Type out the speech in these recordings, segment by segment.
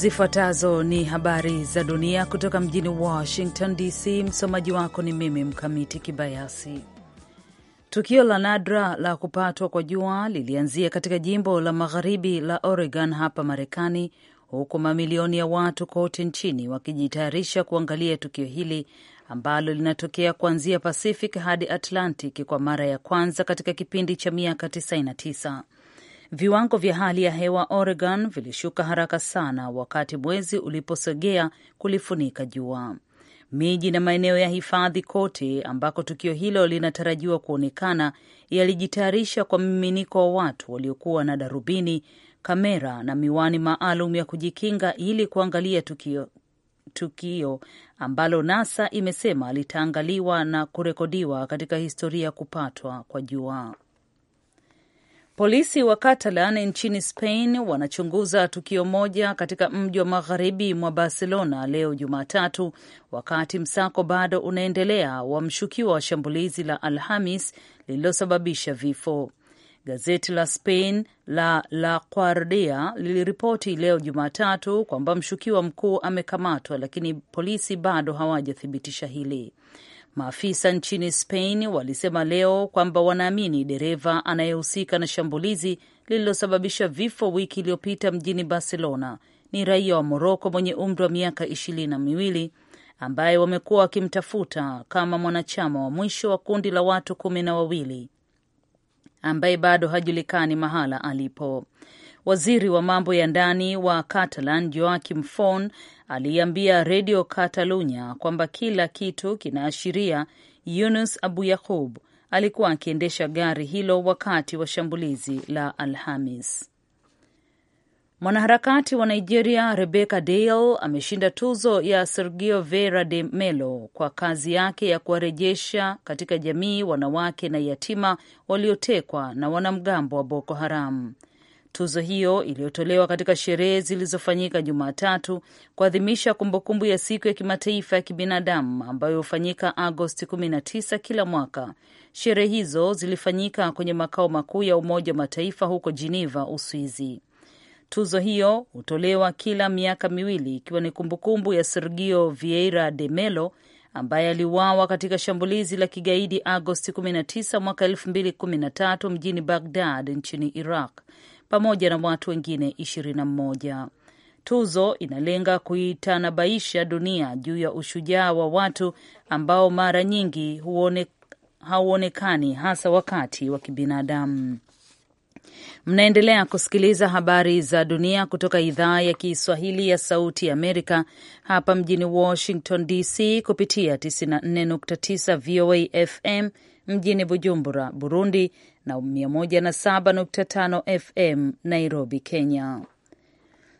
Zifuatazo ni habari za dunia kutoka mjini Washington DC. Msomaji wako ni mimi Mkamiti Kibayasi. Tukio la nadra la kupatwa kwa jua lilianzia katika jimbo la magharibi la Oregon hapa Marekani, huku mamilioni ya watu kote nchini wakijitayarisha kuangalia tukio hili ambalo linatokea kuanzia Pacific hadi Atlantic kwa mara ya kwanza katika kipindi cha miaka 99. Viwango vya hali ya hewa Oregon vilishuka haraka sana wakati mwezi uliposogea kulifunika jua. Miji na maeneo ya hifadhi kote ambako tukio hilo linatarajiwa kuonekana yalijitayarisha kwa mmiminiko wa watu waliokuwa na darubini, kamera na miwani maalum ya kujikinga ili kuangalia tukio, tukio ambalo NASA imesema litaangaliwa na kurekodiwa katika historia ya kupatwa kwa jua. Polisi wa Catalan nchini Spain wanachunguza tukio moja katika mji wa magharibi mwa Barcelona leo Jumatatu, wakati msako bado unaendelea wa mshukiwa wa shambulizi la Alhamis lililosababisha vifo. Gazeti la Spain la La Guardia liliripoti leo Jumatatu kwamba mshukiwa mkuu amekamatwa, lakini polisi bado hawajathibitisha hili. Maafisa nchini Spain walisema leo kwamba wanaamini dereva anayehusika na shambulizi lililosababisha vifo wiki iliyopita mjini Barcelona ni raia wa Moroko mwenye umri wa miaka ishirini na miwili ambaye wamekuwa wakimtafuta kama mwanachama wa mwisho wa kundi la watu kumi na wawili ambaye bado hajulikani mahala alipo. Waziri wa mambo ya ndani wa Catalan Joaquim Fon aliambia redio Catalunya kwamba kila kitu kinaashiria Yunus Abu Yaqub alikuwa akiendesha gari hilo wakati wa shambulizi la Alhamis. Mwanaharakati wa Nigeria Rebecca Dale ameshinda tuzo ya Sergio Vera de melo kwa kazi yake ya kuwarejesha katika jamii wanawake na yatima waliotekwa na wanamgambo wa Boko Haram. Tuzo hiyo iliyotolewa katika sherehe zilizofanyika Jumatatu kuadhimisha kumbukumbu ya siku ya kimataifa ya kibinadamu ambayo hufanyika Agosti 19 kila mwaka. Sherehe hizo zilifanyika kwenye makao makuu ya Umoja wa Mataifa huko Geneva, Uswizi. Tuzo hiyo hutolewa kila miaka miwili ikiwa ni kumbukumbu ya Sergio Vieira de Melo ambaye aliuawa katika shambulizi la kigaidi Agosti 19 mwaka 2013 mjini Baghdad nchini Iraq pamoja na watu wengine 21. Tuzo inalenga kuitanabaisha dunia juu ya ushujaa wa watu ambao mara nyingi huone, hauonekani hasa wakati wa kibinadamu. Mnaendelea kusikiliza habari za dunia kutoka idhaa ya Kiswahili ya Sauti ya Amerika hapa mjini Washington DC, kupitia 94.9 VOA FM mjini Bujumbura, Burundi na 107.5 FM Nairobi, Kenya.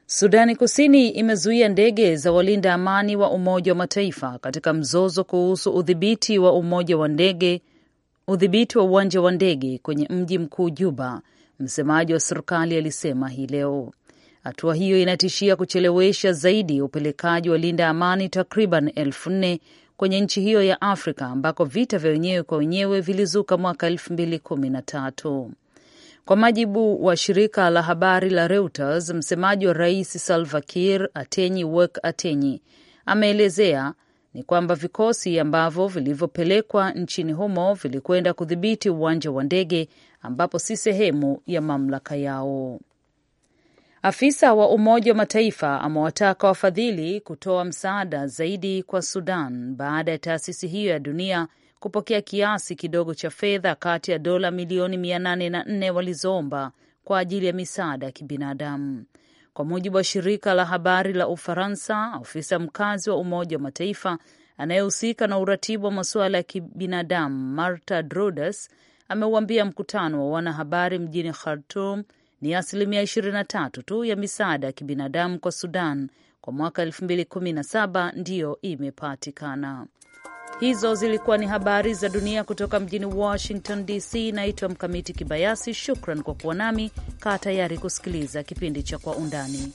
Sudani Kusini imezuia ndege za walinda amani wa Umoja wa Mataifa katika mzozo kuhusu udhibiti wa umoja wa ndege udhibiti wa uwanja wa ndege kwenye mji mkuu Juba, msemaji wa serikali alisema hii leo. Hatua hiyo inatishia kuchelewesha zaidi upelekaji wa linda amani takriban elfu nne kwenye nchi hiyo ya Afrika ambako vita vya wenyewe kwa wenyewe vilizuka mwaka elfu mbili kumi na tatu. Kwa majibu wa shirika la habari la Reuters, msemaji wa rais Salva Kiir Atenyi Wek Atenyi ameelezea ni kwamba vikosi ambavyo vilivyopelekwa nchini humo vilikwenda kudhibiti uwanja wa ndege ambapo si sehemu ya mamlaka yao. Afisa wa Umoja wa Mataifa amewataka wafadhili kutoa msaada zaidi kwa Sudan baada ya taasisi hiyo ya dunia kupokea kiasi kidogo cha fedha kati ya dola milioni 804 walizoomba kwa ajili ya misaada ya kibinadamu. Kwa mujibu wa shirika la habari la Ufaransa, ofisa mkazi wa Umoja wa Mataifa anayehusika na uratibu wa masuala ya kibinadamu Marta drodes ameuambia mkutano wa wanahabari mjini Khartum ni asilimia 23 tu ya misaada ya kibinadamu kwa Sudan kwa mwaka 2017 ndiyo imepatikana. Hizo zilikuwa ni habari za dunia kutoka mjini Washington DC. Naitwa Mkamiti Kibayasi. Shukran kwa kuwa nami. Kaa tayari kusikiliza kipindi cha Kwa Undani.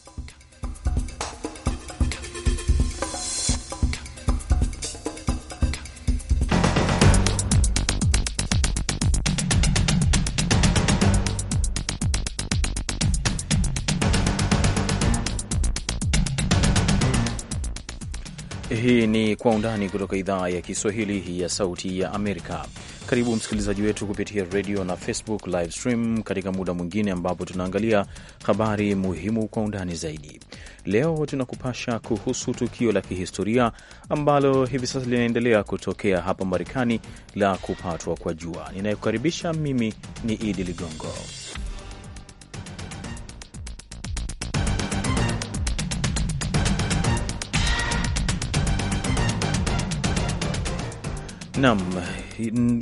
Hii ni Kwa Undani kutoka idhaa ya Kiswahili ya Sauti ya Amerika. Karibu msikilizaji wetu kupitia redio na Facebook live stream katika muda mwingine ambapo tunaangalia habari muhimu kwa undani zaidi. Leo tunakupasha kuhusu tukio la kihistoria ambalo hivi sasa linaendelea kutokea hapa Marekani la kupatwa kwa jua. Ninayekukaribisha mimi ni Idi Ligongo. Naam,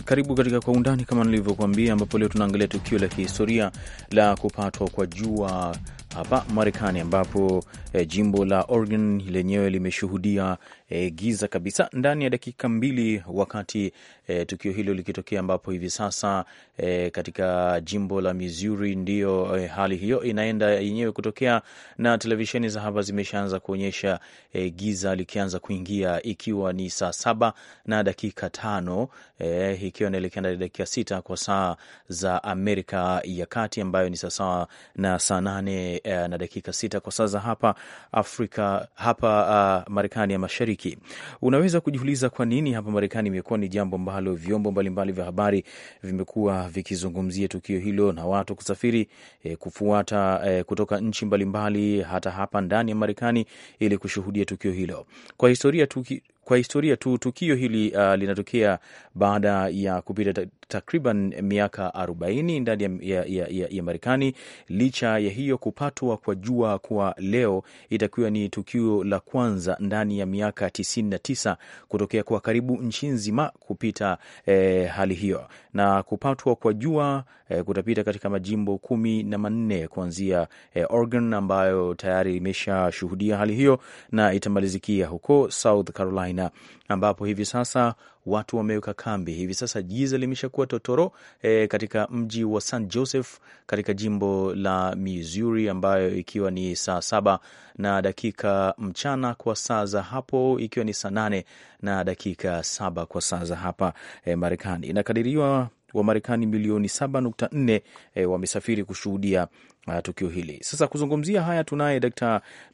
karibu katika Kwa Undani kama nilivyokuambia, ambapo leo tunaangalia tukio la kihistoria la kupatwa kwa jua hapa Marekani ambapo eh, jimbo la Oregon lenyewe limeshuhudia e, giza kabisa ndani ya dakika mbili, wakati e, tukio hilo likitokea, ambapo hivi sasa e, katika jimbo la Missouri ndiyo e, hali hiyo inaenda yenyewe kutokea, na televisheni za hapa zimeshaanza kuonyesha e, giza likianza kuingia, ikiwa ni saa saba na dakika tano e, ikiwa inaelekea ndani ya dakika sita kwa saa za Amerika ya Kati, ambayo ni sawasawa na saa nane e, na dakika sita kwa saa za hapa Afrika hapa uh, Marekani ya Mashariki. Mashariki. Unaweza kujiuliza kwa nini hapa Marekani imekuwa ni jambo ambalo vyombo mbalimbali vya habari vimekuwa vikizungumzia tukio hilo na watu kusafiri e, kufuata e, kutoka nchi mbalimbali hata hapa ndani ya Marekani ili kushuhudia tukio hilo. Kwa historia tuki, kwa historia tu tukio hili uh, linatokea baada ya kupita takriban miaka 40 ndani ya, ya, ya, ya Marekani. Licha ya hiyo, kupatwa kwa jua kwa leo itakiwa ni tukio la kwanza ndani ya miaka 99 kutokea kwa karibu nchi nzima kupita eh, hali hiyo, na kupatwa kwa jua eh, kutapita katika majimbo kumi na manne kuanzia eh, Oregon ambayo tayari imeshashuhudia hali hiyo na itamalizikia huko South Carolina ambapo hivi sasa watu wameweka kambi hivi sasa. Giza limeshakuwa totoro e, katika mji wa St Joseph katika jimbo la Missouri, ambayo ikiwa ni saa saba na dakika mchana kwa saa za hapo, ikiwa ni saa nane na dakika saba kwa saa za hapa e, Marekani. Inakadiriwa wa Marekani milioni 7.4 e, eh, wamesafiri kushuhudia uh, tukio hili. Sasa kuzungumzia haya tunaye d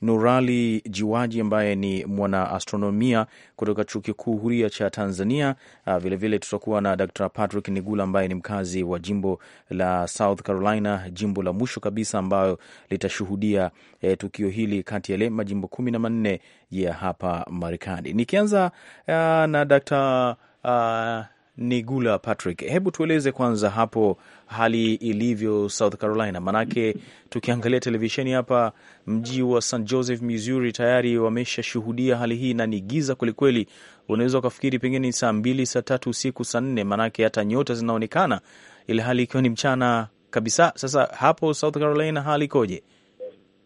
Nurali Jiwaji ambaye ni mwana astronomia kutoka Chuo Kikuu Huria cha Tanzania. Uh, ah, vilevile tutakuwa na Dr. Patrick Nigula ambaye ni mkazi wa jimbo la South Carolina, jimbo la mwisho kabisa ambayo litashuhudia eh, tukio hili kati ya majimbo kumi na manne ya hapa Marekani. Nikianza uh, na Dr. uh, Nigula Patrick, hebu tueleze kwanza hapo hali ilivyo South Carolina, manake tukiangalia televisheni hapa mji wa St Joseph, Missouri tayari wameshashuhudia hali hii na ni giza kwelikweli. Unaweza ukafikiri pengine ni saa mbili, saa tatu usiku, saa nne, manake hata nyota zinaonekana, ili hali ikiwa ni mchana kabisa. Sasa hapo South Carolina hali ikoje?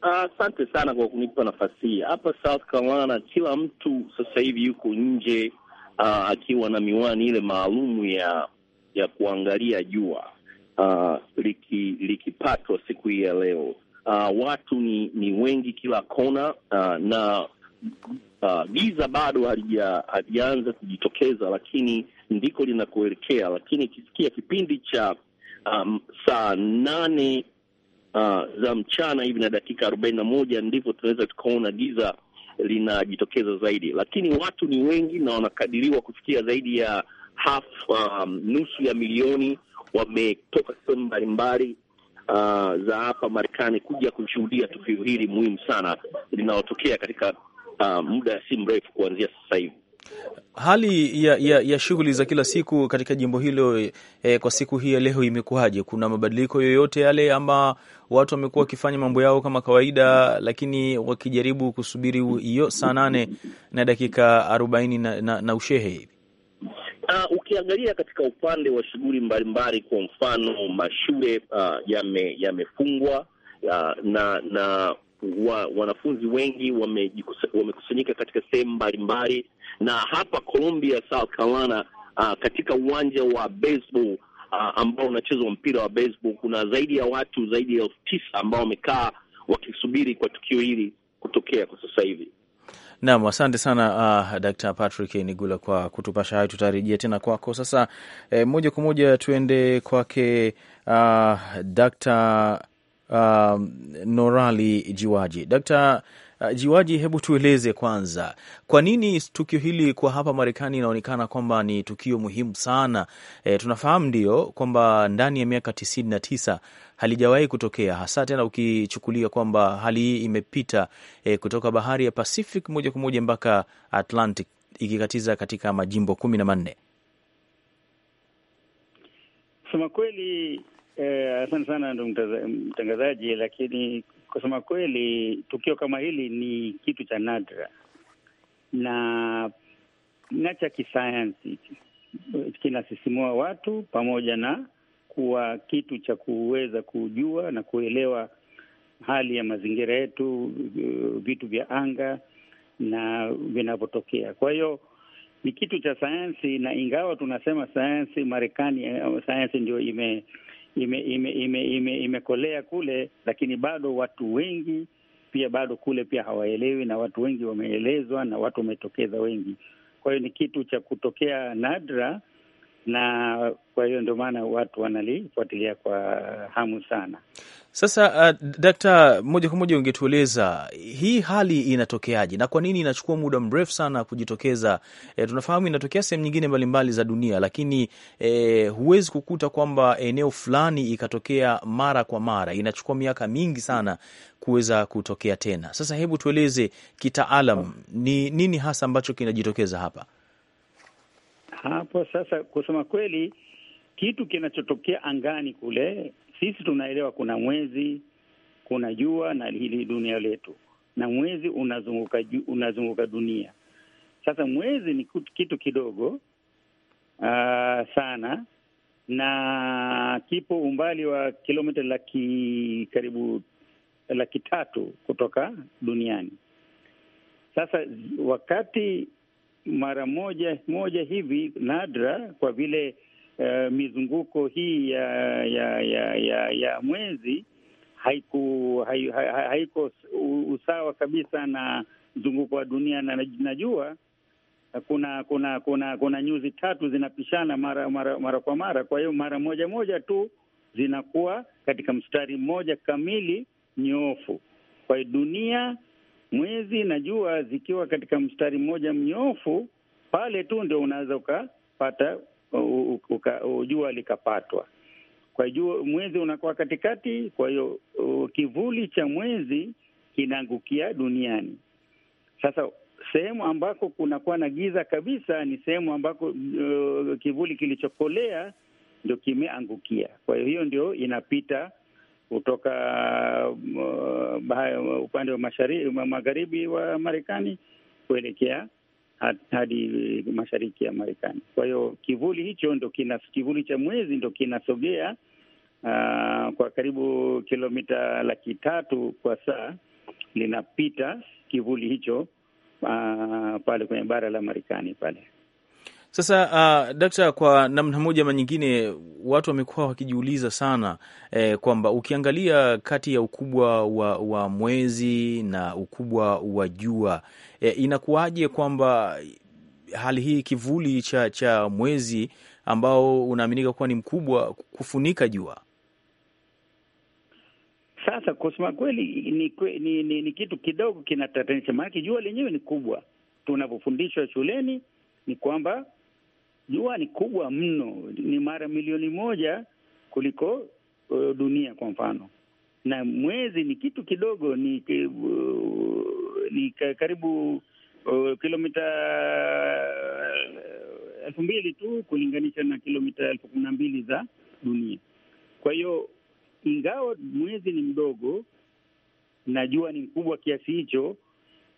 Asante uh, sana kwa kunipa nafasi hii. Hapa South Carolina kila mtu sasa hivi yuko nje uh, akiwa na miwani ile maalumu ya ya kuangalia jua ah, likipatwa liki siku hii ya leo. uh, watu ni, ni wengi kila kona uh, na giza bado halijaanza kujitokeza, lakini ndiko linakuelekea. Lakini ikisikia kipindi cha um, saa nane uh, za mchana hivi na dakika arobaini na moja ndivyo tunaweza tukaona giza linajitokeza zaidi, lakini watu ni wengi na wanakadiriwa kufikia zaidi ya half, um, nusu ya milioni wametoka sehemu mbalimbali uh, za hapa Marekani kuja kushuhudia tukio hili muhimu sana linalotokea katika uh, muda si mrefu kuanzia sasa hivi. Hali ya, ya, ya shughuli za kila siku katika jimbo hilo eh, kwa siku hii ya leo imekuwaje? Kuna mabadiliko yoyote yale, ama watu wamekuwa wakifanya mambo yao kama kawaida, lakini wakijaribu kusubiri hiyo saa nane na dakika arobaini na, na, na ushehe hivi? Uh, ukiangalia katika upande wa shughuli mbalimbali, kwa mfano mashule uh, yamefungwa yame uh, na na wa, wanafunzi wengi wamekusanyika wame katika sehemu mbalimbali, na hapa Columbia, South Carolina, uh, katika uwanja wa baseball uh, ambao unachezwa mpira wa baseball, kuna zaidi ya watu zaidi ya elfu tisa ambao wamekaa wakisubiri kwa tukio hili kutokea kwa sasa hivi. Nam, asante sana uh, ah, Dr. Patrick Nigula kwa kutupasha hayo. tutarejia tena kwako sasa. Eh, moja kwa moja tuende kwake uh, Dr uh, Norali Jiwaji. Daktari uh, Jiwaji, hebu tueleze kwanza, kwa nini tukio hili kwa hapa Marekani inaonekana kwamba ni tukio muhimu sana? E, tunafahamu ndio kwamba ndani ya miaka tisini na tisa halijawahi kutokea hasa tena, ukichukulia kwamba hali hii imepita e, kutoka bahari ya Pacific moja kwa moja mpaka Atlantic ikikatiza katika majimbo kumi na manne. Sema kweli Eh, asante eh, sana ndo mtangazaji, lakini kusema kweli tukio kama hili ni kitu cha nadra na na cha kisayansi, eh, kinasisimua watu pamoja na kuwa kitu cha kuweza kujua na kuelewa hali ya mazingira yetu, eh, vitu vya anga na vinavyotokea. Kwa hiyo ni kitu cha sayansi, na ingawa tunasema sayansi Marekani, sayansi ndio ime imekolea ime, ime, ime, ime kule, lakini bado watu wengi pia bado kule pia hawaelewi, na watu wengi wameelezwa na watu wametokeza wengi. Kwa hiyo ni kitu cha kutokea nadra na kwa hiyo ndio maana watu wanalifuatilia kwa hamu sana. Sasa uh, dakta, moja kwa moja ungetueleza hii hali inatokeaje na kwa nini inachukua muda mrefu sana kujitokeza? E, tunafahamu inatokea sehemu nyingine mbalimbali za dunia, lakini e, huwezi kukuta kwamba eneo fulani ikatokea mara kwa mara. Inachukua miaka mingi sana kuweza kutokea tena. Sasa hebu tueleze kitaalam, ni nini hasa ambacho kinajitokeza hapa? Hapo sasa, kusema kweli, kitu kinachotokea angani kule, sisi tunaelewa kuna mwezi, kuna jua na hili dunia letu, na mwezi unazunguka unazunguka dunia. Sasa mwezi ni kitu kidogo uh, sana na kipo umbali wa kilomita laki karibu laki tatu kutoka duniani. Sasa wakati mara moja moja hivi, nadra kwa vile uh, mizunguko hii ya ya ya ya, ya mwezi haiko hai, hai, usawa kabisa na mzunguko wa dunia na najua kuna kuna kuna kuna nyuzi tatu zinapishana mara mara mara kwa mara. Kwa hiyo mara moja moja tu zinakuwa katika mstari mmoja kamili nyoofu. Kwa hiyo dunia mwezi na jua zikiwa katika mstari mmoja mnyofu, pale tu ndio unaweza ukapata uka, jua likapatwa. Kwa jua mwezi unakuwa katikati, kwa hiyo kivuli cha mwezi kinaangukia duniani. Sasa sehemu ambako kunakuwa na giza kabisa ni sehemu ambako uh, kivuli kilichokolea ndio kimeangukia. Kwa hiyo hiyo ndio inapita kutoka uh, upande wa mashariki, magharibi wa Marekani kuelekea hadi mashariki ya Marekani. Kwa hiyo kivuli hicho ndo kina, kivuli cha mwezi ndo kinasogea uh, kwa karibu kilomita laki tatu kwa saa linapita kivuli hicho uh, pale kwenye bara la Marekani pale sasa uh, dakta, kwa namna moja ama nyingine watu wamekuwa wakijiuliza sana eh, kwamba ukiangalia kati ya ukubwa wa, wa mwezi na ukubwa wa jua eh, inakuwaje kwamba hali hii kivuli cha, cha mwezi ambao unaaminika kuwa ni mkubwa kufunika jua? Sasa kusema kweli ni, ni, ni, ni kitu kidogo kinatatanisha, maanake jua lenyewe ni kubwa. Tunavyofundishwa shuleni ni kwamba jua ni kubwa mno, ni mara milioni moja kuliko uh, dunia kwa mfano, na mwezi ni kitu kidogo, ni, uh, ni karibu uh, kilomita uh, elfu mbili tu kulinganisha na kilomita elfu kumi na mbili za dunia. Kwa hiyo ingawa mwezi ni mdogo na jua ni mkubwa kiasi hicho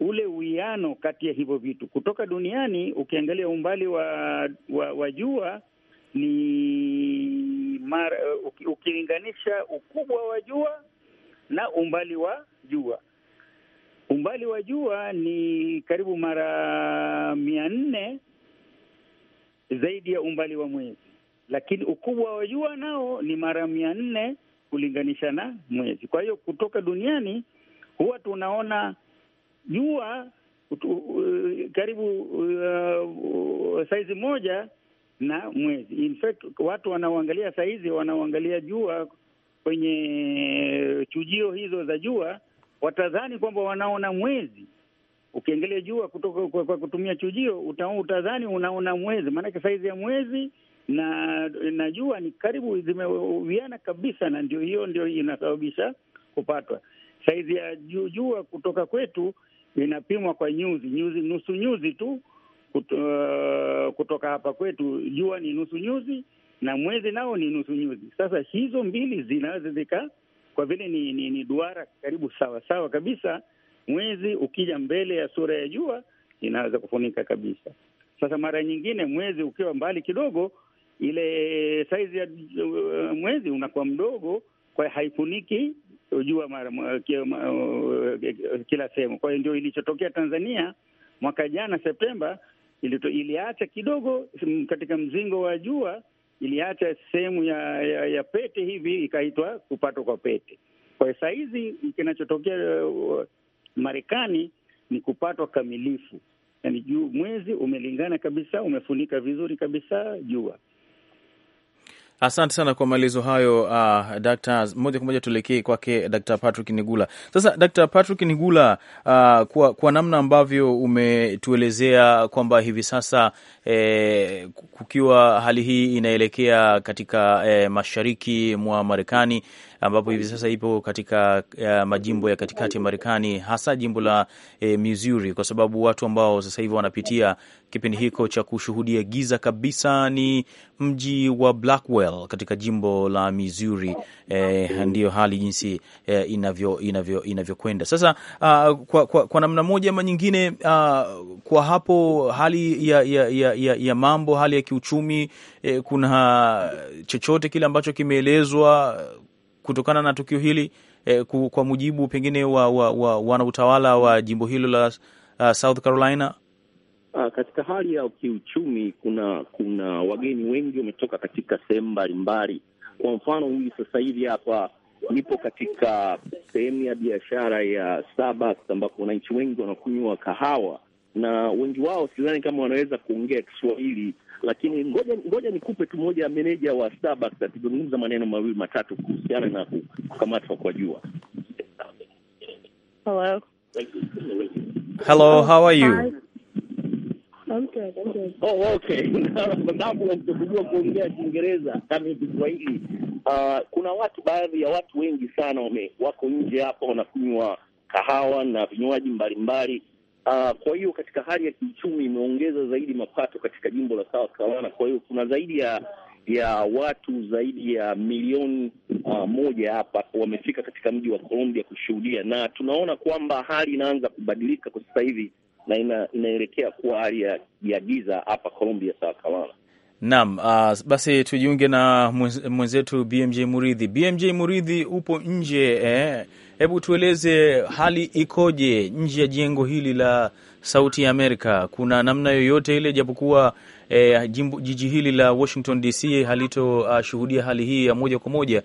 ule uwiano kati ya hivyo vitu kutoka duniani. Ukiangalia umbali wa, wa, wa jua ni mara, ukilinganisha ukubwa wa jua na umbali wa jua, umbali wa jua ni karibu mara mia nne zaidi ya umbali wa mwezi, lakini ukubwa wa jua nao ni mara mia nne kulinganisha na mwezi. Kwa hiyo kutoka duniani huwa tunaona jua karibu uh, saizi moja na mwezi. In fact, watu wanaoangalia saizi wanaoangalia jua kwenye chujio hizo za jua watadhani kwamba wanaona mwezi. Ukiangalia jua kutoka kwa, kwa kutumia chujio uta, utadhani unaona mwezi, maanake saizi ya mwezi na na jua ni karibu zimewiana kabisa, na ndio hiyo ndio inasababisha kupatwa saizi ya jua kutoka kwetu inapimwa kwa nyuzi nyuzi, nusu nyuzi tu kutu, uh, kutoka hapa kwetu jua ni nusu nyuzi na mwezi nao ni nusu nyuzi. Sasa hizo mbili zinaweza zika, kwa vile ni, ni, ni duara karibu sawa sawa kabisa, mwezi ukija mbele ya sura ya jua inaweza kufunika kabisa. Sasa mara nyingine mwezi ukiwa mbali kidogo, ile saizi ya uh, mwezi unakuwa mdogo, kwa haifuniki hujua kila sehemu. Kwa hiyo ndio ilichotokea Tanzania mwaka jana Septemba, iliacha kidogo katika mzingo wa jua, iliacha sehemu ya, ya, ya pete hivi, ikaitwa kupatwa kwa pete. Kwa hiyo saa hizi kinachotokea uh, Marekani ni kupatwa kamilifu, yaani juu mwezi umelingana kabisa, umefunika vizuri kabisa jua. Asante sana kwa maelezo hayo uh, dakta. Moja kwa moja tuelekee kwake Dr. Patrick Nigula. Sasa d Patrick Nigula, uh, kwa, kwa namna ambavyo umetuelezea kwamba hivi sasa eh, kukiwa hali hii inaelekea katika eh, mashariki mwa Marekani ambapo hivi sasa ipo katika uh, majimbo ya katikati ya Marekani, hasa jimbo la uh, Missouri, kwa sababu watu ambao sasa hivi wanapitia kipindi hiko cha kushuhudia giza kabisa ni mji wa Blackwell katika jimbo la Missouri. Eh, ndiyo hali jinsi eh, inavyokwenda inavyo, inavyo sasa. Uh, kwa, kwa, kwa namna moja ama nyingine uh, kwa hapo hali ya, ya, ya, ya, ya mambo hali ya kiuchumi eh, kuna chochote kile ambacho kimeelezwa kutokana na tukio hili eh, kwa mujibu pengine wa, wa, wa wanautawala wa jimbo hilo la uh, South Carolina? Uh, katika hali ya kiuchumi kuna kuna wageni wengi wametoka katika sehemu mbalimbali. Kwa mfano huyu sasa hivi hapa nipo katika sehemu ya biashara ya Starbucks ambapo wananchi wengi wanakunywa kahawa na wengi wao sidhani kama wanaweza kuongea Kiswahili lakini ngoja ngoja nikupe tu moja ya meneja wa Starbucks akizungumza maneno mawili matatu kuhusiana na kukamatwa kwa jua. Hello. Hello, how are you? I'm good, I'm good. Oh, okay. kuongea Kiingereza kama Kiswahili. Uh, kuna watu baadhi ya watu wengi sana wame- wako nje hapa wanakunywa kahawa na vinywaji mbalimbali Uh, kwa hiyo katika hali ya kiuchumi imeongeza zaidi mapato katika jimbo la South Carolina. Kwa hiyo kuna zaidi ya ya watu zaidi ya milioni uh, moja hapa wamefika katika mji wa Columbia kushuhudia, na tunaona kwamba hali inaanza kubadilika kwa sasa hivi na ina, inaelekea kuwa hali ya, ya giza hapa Columbia, South Carolina. Naam, uh, basi tujiunge na mwenzetu BMJ Muridhi. BMJ Muridhi, upo nje eh? Hebu tueleze hali ikoje nje ya jengo hili la Sauti ya Amerika? Kuna namna yoyote ile, japokuwa eh, jiji hili la Washington DC halitoshuhudia uh, hali hii ya moja kwa moja.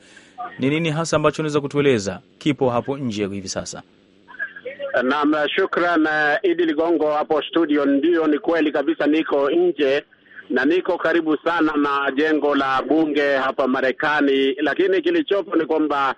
Ni nini hasa ambacho unaweza kutueleza kipo hapo nje hivi sasa? Naam, shukran eh, Idi Ligongo hapo studio. ndio ni kweli kabisa, niko nje na niko karibu sana na jengo la bunge hapa Marekani, lakini kilichopo ni kwamba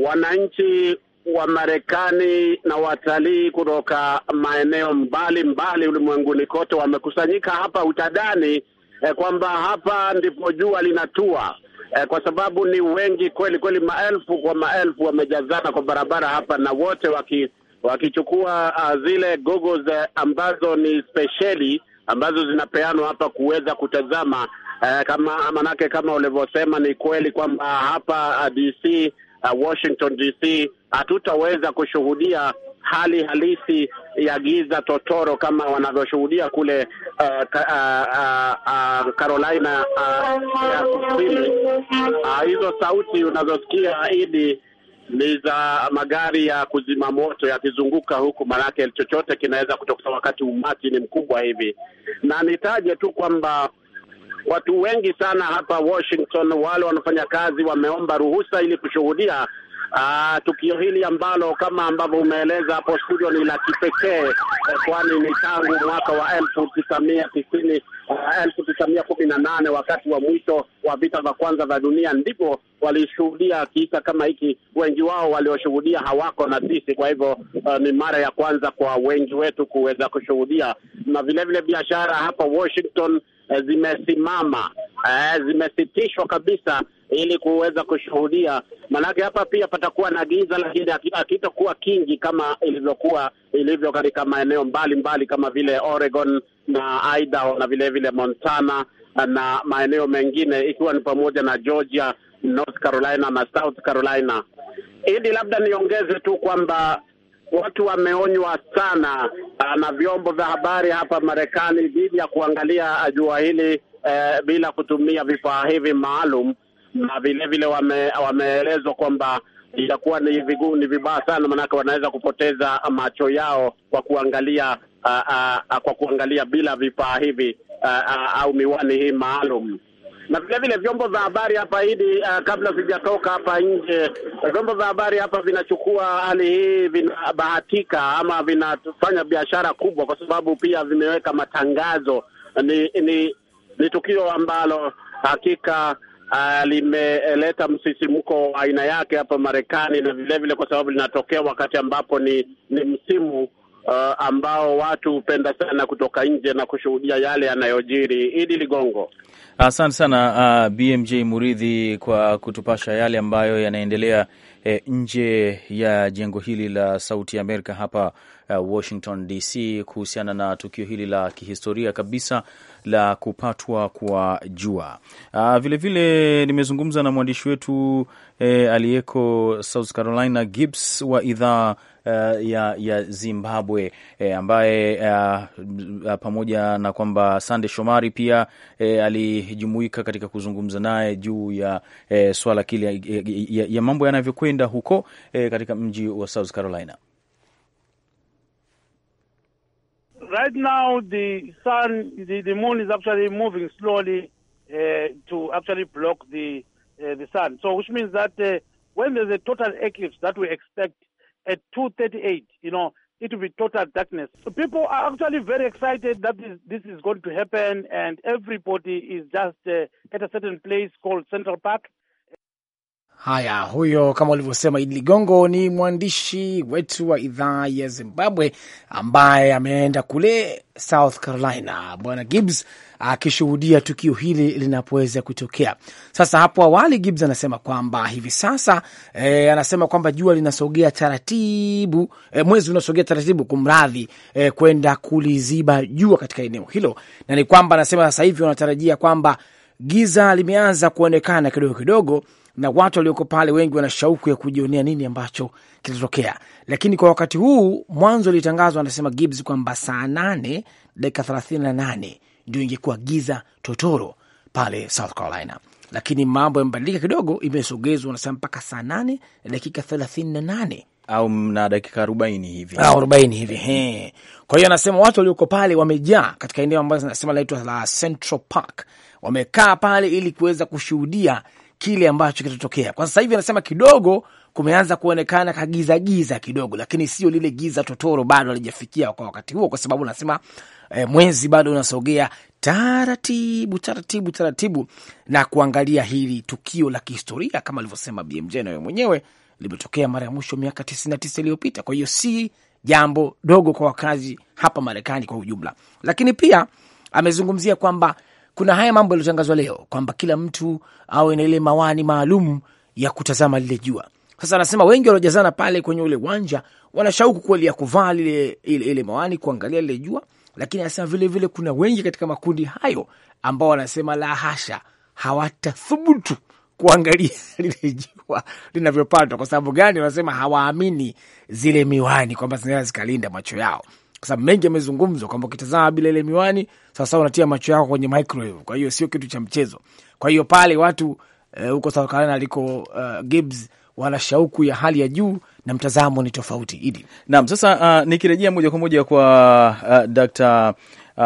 wananchi wa Marekani na watalii kutoka maeneo mbali mbali ulimwenguni kote wamekusanyika hapa, utadani eh, kwamba hapa ndipo jua linatua eh, kwa sababu ni wengi kweli kweli, maelfu kwa maelfu wamejazana kwa barabara hapa, na wote waki, wakichukua uh, zile goggles eh, ambazo ni spesheli ambazo zinapeanwa hapa kuweza kutazama uh, kama manake, kama ulivyosema, ni kweli kwamba hapa ah, DC uh, Washington DC, hatutaweza kushuhudia hali halisi ya giza totoro kama wanavyoshuhudia kule uh, ka, uh, uh, uh, Carolina uh, ya kusini. Uh, hizo sauti unazosikia Idi ni za magari ya kuzima moto yakizunguka huku, manake chochote kinaweza kutokea wakati umati ni mkubwa hivi. Na nitaje tu kwamba Watu wengi sana hapa Washington, wale wanafanya kazi wameomba ruhusa ili kushuhudia Aa, ah, tukio hili ambalo kama ambavyo umeeleza hapo studio ni la kipekee, eh, kwani ni tangu mwaka wa elfu tisa mia tisini ah, elfu tisa mia kumi na nane wakati wa mwito wa vita vya kwanza vya dunia ndipo walishuhudia kiisa kama hiki. Wengi wao walioshuhudia hawako na sisi, kwa hivyo uh, ni mara ya kwanza kwa wengi wetu kuweza kushuhudia, na vilevile biashara hapa Washington Eh, zimesimama, eh, zimesitishwa kabisa ili kuweza kushuhudia. Maanake hapa pia patakuwa na giza, lakini hakitakuwa kingi kama ilivyokuwa ilivyo katika maeneo mbalimbali kama vile Oregon na Idaho na vilevile vile Montana na maeneo mengine ikiwa ni pamoja na Georgia, North Carolina na South Carolina. Hili labda niongeze tu kwamba watu wameonywa sana ah, na vyombo vya habari hapa Marekani dhidi ya kuangalia ah, jua hili uh, bila kutumia vifaa hivi maalum, na vilevile wameelezwa wame kwamba itakuwa ni viguu ni vibaya sana, maanake wanaweza kupoteza macho yao kwa kuangalia uh, uh, kwa kuangalia bila vifaa hivi uh, uh, au miwani hii maalum na vile vile vyombo vya habari hapa idi, uh, kabla sijatoka hapa nje, vyombo vya habari hapa vinachukua hali hii, vinabahatika ama vinafanya biashara kubwa, kwa sababu pia vimeweka matangazo. Ni ni, ni tukio ambalo hakika Uh, limeleta msisimko wa aina yake hapa Marekani na vilevile vile kwa sababu linatokea wakati ambapo ni, ni msimu uh, ambao watu hupenda sana kutoka nje na kushuhudia yale yanayojiri. Idi Ligongo. Asante sana uh, BMJ Muridhi kwa kutupasha yale ambayo yanaendelea eh, nje ya jengo hili la Sauti ya Amerika hapa uh, Washington DC kuhusiana na tukio hili la kihistoria kabisa la kupatwa kwa jua. Vilevile ah, nimezungumza na mwandishi wetu e, aliyeko South Carolina Gibbs wa idhaa Uh, ya, ya Zimbabwe eh, ambaye uh, pamoja na kwamba Sande Shomari pia eh, alijumuika katika kuzungumza naye juu ya eh, swala kile ya, ya, ya mambo yanavyokwenda huko eh, katika mji wa South Carolina. right now the sun, the, the moon is actually moving slowly uh, to actually block the uh, the sun. So which means that uh, when there's a total eclipse that we expect at 2:38, you know, it will be total darkness. So people are actually very excited that this, this is going to happen, and everybody is just uh, at a certain place called Central Park. Haya, huyo kama ulivyosema Idi Ligongo ni mwandishi wetu wa idhaa ya Zimbabwe ambaye ameenda kule South Carolina, Bwana Gibbs akishuhudia tukio hili linapoweza kutokea. Sasa hapo awali Gibbs anasema kwamba hivi sasa e, anasema kwamba jua linasogea taratibu e, mwezi unasogea taratibu kumradhi, e, kwenda kuliziba jua katika eneo hilo, na ni kwamba anasema sasa hivi wanatarajia kwamba giza limeanza kuonekana kidogo kidogo na watu walioko pale wengi wana shauku ya kujionea nini ambacho kitatokea. Lakini kwa wakati huu, mwanzo ilitangazwa, anasema Gibbs kwamba saa nane dakika thelathini na nane ndio ingekuwa giza totoro pale South Carolina, lakini mambo yamebadilika kidogo, imesogezwa anasema mpaka saa nane na dakika thelathini na nane au na dakika arobaini hivi arobaini hivi he. Kwa hiyo anasema watu walioko pale wamejaa katika eneo ambayo anasema linaitwa la Central Park, wamekaa pale ili kuweza kushuhudia kile ambacho kitatokea. Kwa sasa hivi anasema kidogo kumeanza kuonekana kagizagiza kidogo, lakini sio lile giza totoro, bado alijafikia kwa wakati huo, kwa sababu anasema e, mwezi bado unasogea taratibu taratibu taratibu na kuangalia hili tukio la kihistoria kama alivyosema BMJ nawe mwenyewe limetokea mara ya mwisho miaka 99 iliyopita. Kwa hiyo si jambo dogo kwa wakazi hapa Marekani kwa ujumla, lakini pia amezungumzia kwamba kuna haya mambo yaliyotangazwa leo kwamba kila mtu awe na ile mawani maalum ya kutazama lile jua. Sasa anasema wengi waliojazana pale kwenye ule uwanja wanashauku kweli ya kuvaa ile, ile, ile mawani kuangalia lile jua, lakini anasema vilevile kuna wengi katika makundi hayo ambao wanasema la hasha, hawatathubutu kuangalia lile jua linavyopandwa. Kwa sababu gani? Wanasema hawaamini zile miwani kwamba zinaweza zikalinda macho yao kwa sababu mengi yamezungumzwa kwamba ukitazama bila ile miwani sasa unatia macho yako kwenye microwave, kwa hiyo sio kitu cha mchezo. Kwa hiyo pale watu eh, huko uh, South Carolina aliko uh, eh, Gibbs wana shauku ya hali ya juu na mtazamo ni tofauti idi. Naam, sasa uh, nikirejea moja kwa moja kwa uh, Dr. uh,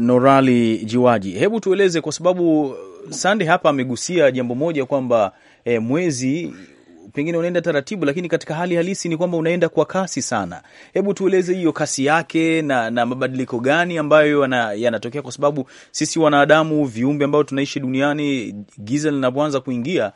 Norali Jiwaji, hebu tueleze kwa sababu eh, Sande hapa amegusia jambo moja kwamba eh, mwezi pengine unaenda taratibu, lakini katika hali halisi ni kwamba unaenda kwa kasi sana. Hebu tueleze hiyo kasi yake na, na mabadiliko gani ambayo yanatokea, kwa sababu sisi wanadamu viumbe ambao tunaishi duniani, giza linapoanza kuingia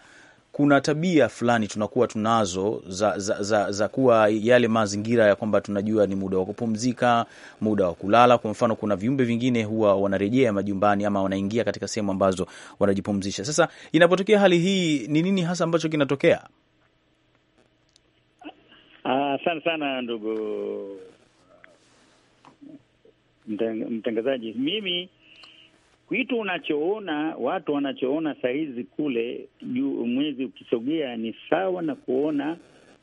kuna tabia fulani tunakuwa tunazo za, za, za, za kuwa yale mazingira ya kwamba tunajua ni muda wa kupumzika, muda wa kulala. Kwa mfano, kuna viumbe vingine huwa wanarejea majumbani ama wanaingia katika sehemu ambazo wanajipumzisha. Sasa inapotokea hali hii, ni nini hasa ambacho kinatokea? Asante sana ndugu mtangazaji. Mimi kitu unachoona watu wanachoona hizi kule juu, mwezi ukisogea ni sawa na kuona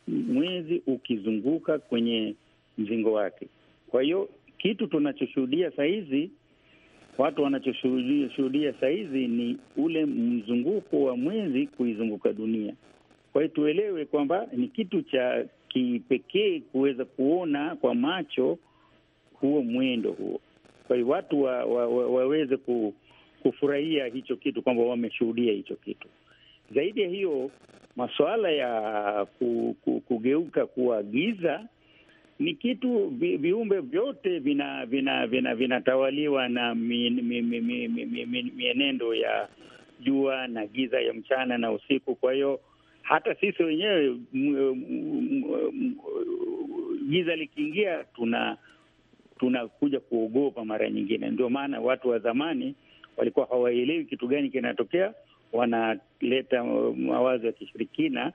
mwezi ukizunguka kwenye mzingo wake. Kwa hiyo kitu tunachoshuhudia sahizi, watu wanachoshuhudia hizi ni ule mzunguko wa mwezi kuizunguka dunia. Kwa hiyo tuelewe kwamba ni kitu cha kipekee kuweza kuona kwa macho huo mwendo huo. Kwa hiyo watu wa, wa, wa, waweze ku, kufurahia hicho kitu kwamba wameshuhudia hicho kitu. Zaidi ya hiyo, masuala ya ku, ku, kugeuka kuwa giza ni kitu vi, viumbe vyote vinatawaliwa vina, vina, vina na mienendo mi, mi, mi, mi, mi, mi, mi, ya jua na giza ya mchana na usiku. Kwa hiyo hata sisi wenyewe mm, mm, mm, giza likiingia, tuna tunakuja kuogopa mara nyingine. Ndio maana watu wa zamani walikuwa hawaelewi kitu gani kinatokea, wanaleta mawazo ya kishirikina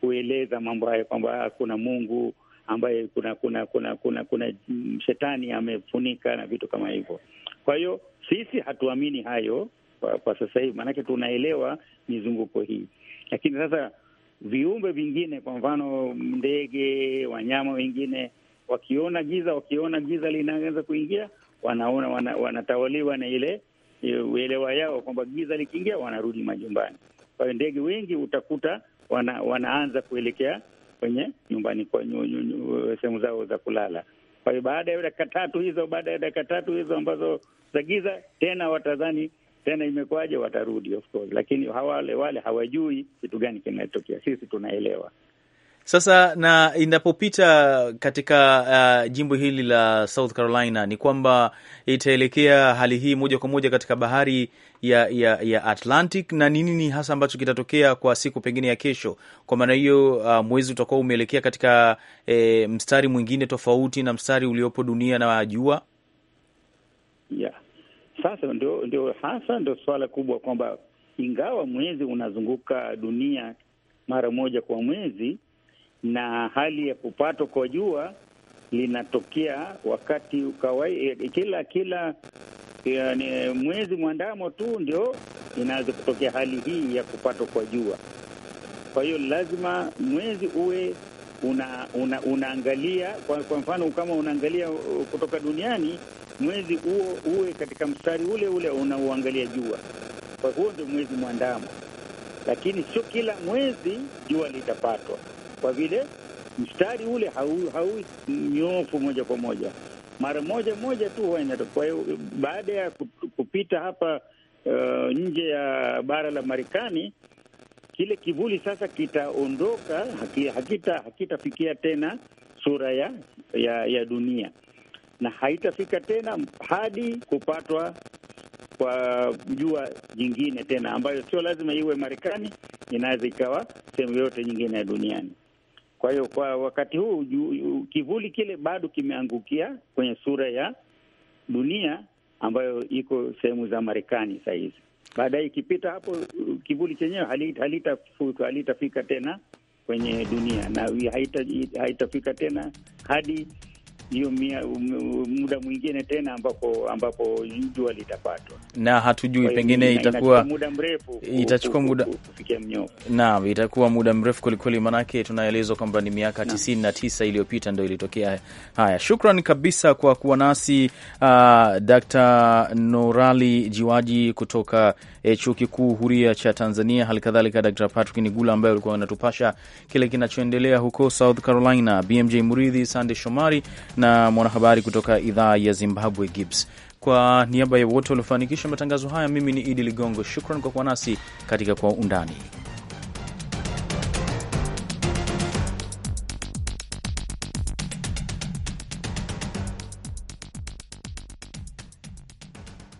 kueleza mambo hayo kwamba ah, kuna Mungu ambaye kuna kuna kuna kuna kuna shetani amefunika na vitu kama hivyo. Kwa hiyo sisi hatuamini hayo kwa, kwa sasa hivi, maanake tunaelewa mizunguko hii, lakini sasa viumbe vingine, kwa mfano ndege, wanyama wengine, wakiona giza, wakiona giza linaweza kuingia, wanaona wana, wanatawaliwa na ile eh, uelewa yao kwamba giza likiingia wanarudi majumbani. Kwa hiyo ndege wengi utakuta wana, wanaanza kuelekea kwenye nyumbani kwa sehemu zao za kulala. Kwa hiyo baada ya dakika tatu hizo, baada ya dakika tatu hizo ambazo za giza, tena watadhani tena imekuwaje, watarudi of course, lakini hawale wale hawajui kitu gani kinatokea. Sisi tunaelewa sasa, na inapopita katika uh, jimbo hili la South Carolina ni kwamba itaelekea hali hii moja kwa moja katika bahari ya, ya, ya Atlantic. Na ni nini hasa ambacho kitatokea kwa siku pengine ya kesho? Kwa maana hiyo, uh, mwezi utakuwa umeelekea katika eh, mstari mwingine tofauti na mstari uliopo dunia na jua yeah. Sasa ndio, ndio hasa ndio suala kubwa kwamba ingawa mwezi unazunguka dunia mara moja kwa mwezi na hali ya kupatwa kwa jua linatokea wakati kawai, eh, kila kila yani, eh, mwezi mwandamo tu ndio inaweza kutokea hali hii ya kupatwa kwa jua. Kwa hiyo lazima mwezi uwe una, una, unaangalia kwa, kwa mfano kama unaangalia kutoka duniani mwezi huo uwe katika mstari ule ule unaoangalia jua, kwa huo ndio mwezi mwandamo. Lakini sio kila mwezi jua litapatwa, kwa vile mstari ule haui hau nyofu moja kwa moja, mara moja moja tu huwa inatoka. Kwa hiyo baada ya kupita hapa uh, nje ya bara la Marekani kile kivuli sasa kitaondoka, hakitafikia hakita, hakita tena sura ya, ya, ya dunia na haitafika tena hadi kupatwa kwa jua jingine tena, ambayo sio lazima iwe Marekani, inaweza ikawa sehemu yoyote nyingine ya duniani. Kwa hiyo kwa wakati huu kivuli kile bado kimeangukia kwenye sura ya dunia ambayo iko sehemu za Marekani saa hizi. Baadaye ikipita hapo, kivuli chenyewe halitafika halita halita tena kwenye dunia na haitafika haita tena hadi hiyo muda mwingine tena ambapo ambapo jua litapatwa, na hatujui pengine itakuwa muda mrefu, itachukua muda kufikia mnyofu. Naam, itakuwa muda mrefu kwelikweli, maanake tunaelezwa kwamba ni miaka tisini na tisa iliyopita ndo ilitokea haya. Shukran kabisa kwa kuwa nasi uh, ah, Dr. Norali Jiwaji kutoka eh, Chuo Kikuu Huria cha Tanzania, halikadhalika Dr. Patrick Nigula ambaye alikuwa anatupasha kile kinachoendelea huko South Carolina, BMJ Muridhi, Sande Shomari na mwanahabari kutoka idhaa ya Zimbabwe Gibbs. Kwa niaba ya wote waliofanikisha matangazo haya, mimi ni Idi Ligongo. Shukran kwa kuwa nasi katika Kwa Undani.